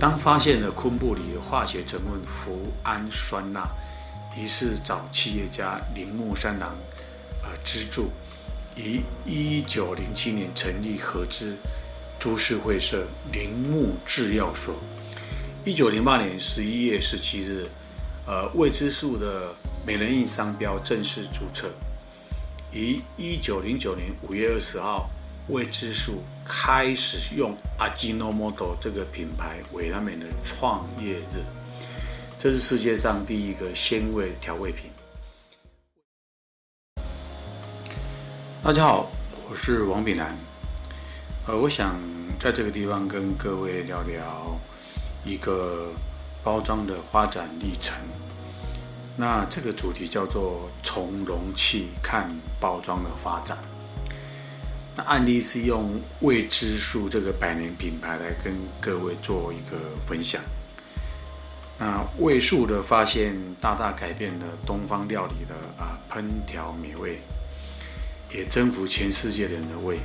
當發現了昆布裡化學成分麩胺酸鈉於是找企業家鈴木三郎，呃資助，於一九零七年成立合資株式會社鈴木製藥所。一九零八年十一月十七日，呃，味之素的美人印商標正式注冊。於一九零九年五月二十號。味之素開始用阿基諾摩多這個品牌，為他們的創業日，這是世界上第一個鮮味調味品。大家好，我是王炳南，呃，我想在這個地方跟各位聊聊一個包裝的發展歷程。那這個主題叫做從容器看包裝的發展。案例是用味之素這個百年品牌來跟各位做一個分享。那味素的發現大大改變了東方料理的啊烹調美味，也征服全世界人的胃。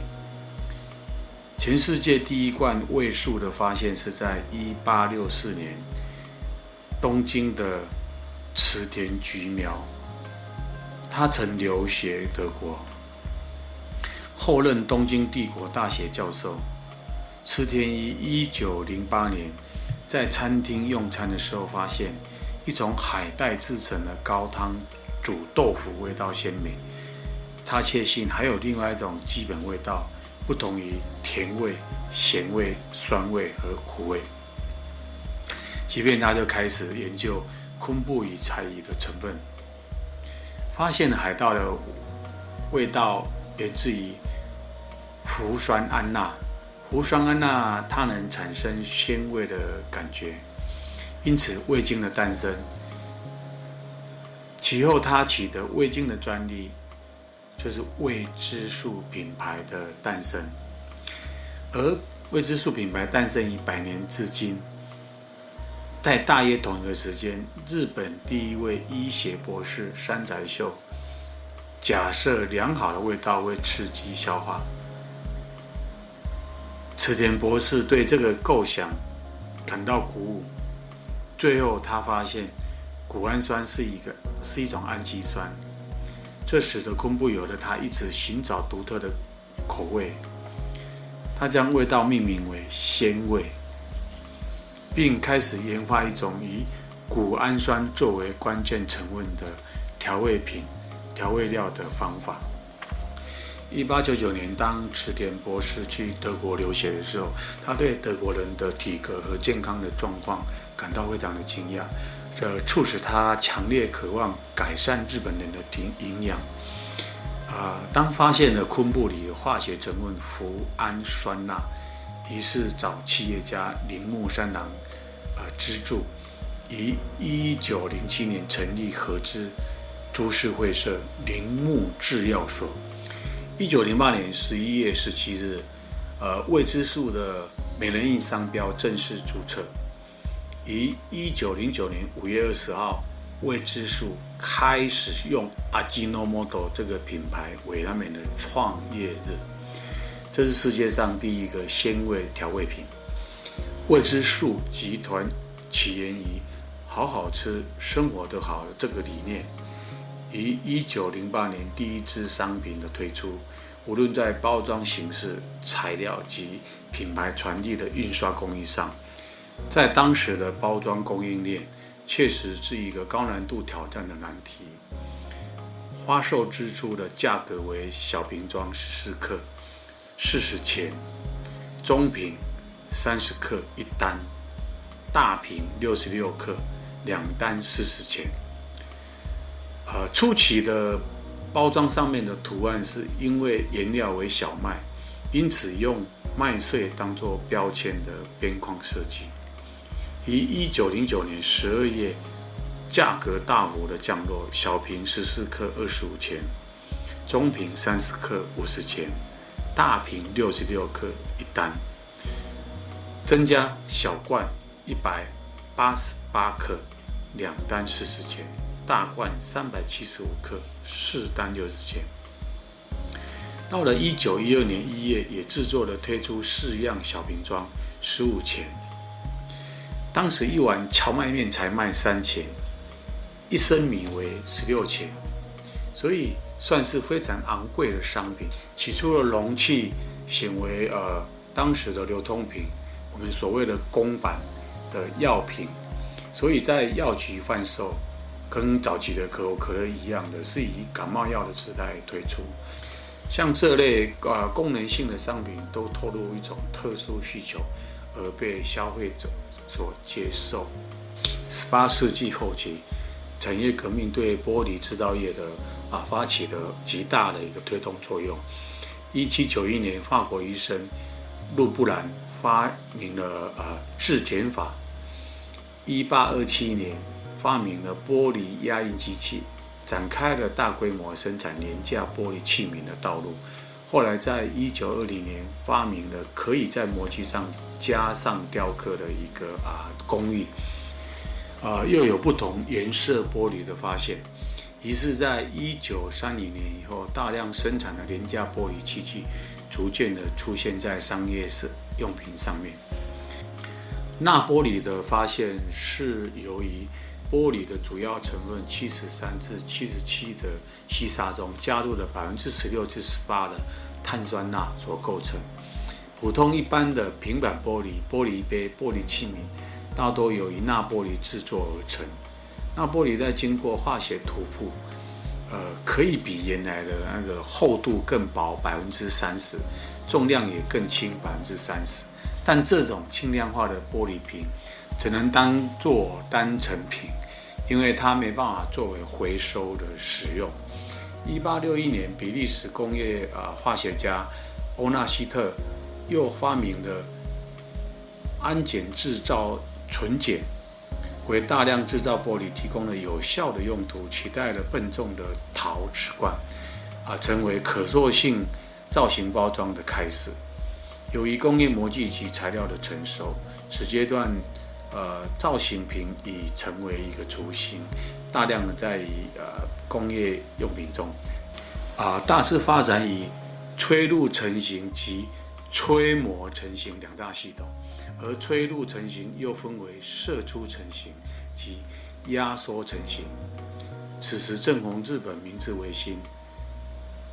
全世界第一罐味素的發現是在一八六四年，東京的池田菊苗，他曾留學德國。後任東京帝國大學教授，池田一，一九零八年，在餐廳用餐的時候，發現一種海帶制成的高湯煮豆腐，味道鮮美。他確信還有另外一種基本味道，不同於甜味、鹹味、酸味和苦味。即便他就開始研究昆布與柴魚的成分，發現海盜的味道。源自於麩酸銨鈉，麩酸銨鈉它能產生鮮味的感覺，因此味精的誕生。其後，它取得味精的專利，就是味之素品牌的誕生。而味之素品牌誕生於百年至今，在大約同一個時間，日本第一位醫學博士山宅秀。假設良好的味道會刺激消化。池田博士對這個構想感到鼓舞。最後，他發現穀氨酸是一個是一種氨基酸，這使得昆布有了他一直尋找獨特的口味。他將味道命名為鮮味，並開始研發一種以穀氨酸作為關鍵成分的調味品。調味料的方法。一八九九年，當池田博士去德國留學的時候，他對德國人的體格和健康的狀況感到非常的驚訝，這促使他強烈渴望改善日本人的營養。啊、呃，當發現了昆布裡的化學成分麩胺酸鈉，於是找企業家鈴木三郎，啊、呃，資助，於一九零七年成立合資。株式會社鈴木製藥所，一九零八年十一月十七日，呃，味之素的美人印商標正式註冊。於一九零九年五月二十號，味之素開始用阿基諾摩多這個品牌為他們的創業日。這是世界上第一個鮮味調味品。味之素集團起源於“好好吃，生活得好”這個理念。於一九零八年，第一支商品的推出，無論在包裝形式、材料及品牌傳遞的印刷工藝上，在當時的包裝供應鏈，確實是一個高難度挑戰的難題。發售之初的價格為小瓶裝十四克四十錢，中瓶三十克一單，大瓶六十六克兩單四十錢。呃，初期的包裝上面的圖案是因為原料為小麥，因此用麥穗當做標籤的邊框設計。於1909年12月，價格大幅的降落，小瓶14克25錢，中瓶30克50錢，大瓶66克一單，增加小罐188克兩單40錢。大罐三百七十五克，四單六十錢。到了一九一二年一月，也製作了推出四樣小瓶裝，十五錢。當時一碗蕎麥麵才賣三錢，一升米為十六錢，所以算是非常昂貴的商品。起初的容器顯為呃、當時的流通瓶，我們所謂的公版的藥品。所以在藥局販售。跟早期的可口可樂一樣的是以感冒藥的時代推出，像這類啊、呃、功能性的商品都透露一種特殊需求而被消費者所接受。十八世紀後期，產業革命對玻璃制造業的啊、呃、發起了極大的一個推動作用。一七九一年，法國醫生陸布蘭發明了啊制鹼法。一八二七年，發明了玻璃壓印機器，展開了大規模生產廉價玻璃器皿的道路。後來在一九二零年發明了可以在模具上加上雕刻的一個啊工藝，啊、呃呃、又有不同顏色玻璃的發現。於是，在一九三零年以後，大量生產的廉價玻璃器具逐漸的出現在商業用品上面。那玻璃的發現是由於。玻璃的主要成分七十三至七十七的細沙中，加入了百分之十六至十八的碳酸鈉所構成。普通一般的平板玻璃、玻璃杯、玻璃器皿，大多由鈉玻璃製作而成。那玻璃在經過化學塗布，呃，可以比原來的那個厚度更薄百分之三十，重量也更輕百分之三十。但這種輕量化的玻璃瓶，只能當做單層瓶。因為它沒辦法作為回收的使用。一八六一年，比利時工業啊、呃、化學家歐納西特又發明了氨鹼製造純鹼，為大量製造玻璃提供了有效的用途，取代了笨重的陶瓷罐，啊、呃，成為可塑性造型包裝的開始。由於工業模具及材料的成熟，此階段。呃，造型瓶已成為一個雛形，大量的在於呃工業用品中，啊、呃，大致發展以吹入成型及吹模成型兩大系統，而吹入成型又分為射出成型及壓縮成型。此時正逢日本明治維新，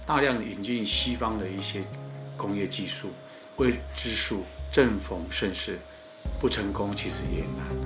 大量引進西方的一些工業技術，味之素正逢盛世。不成功，其實也難。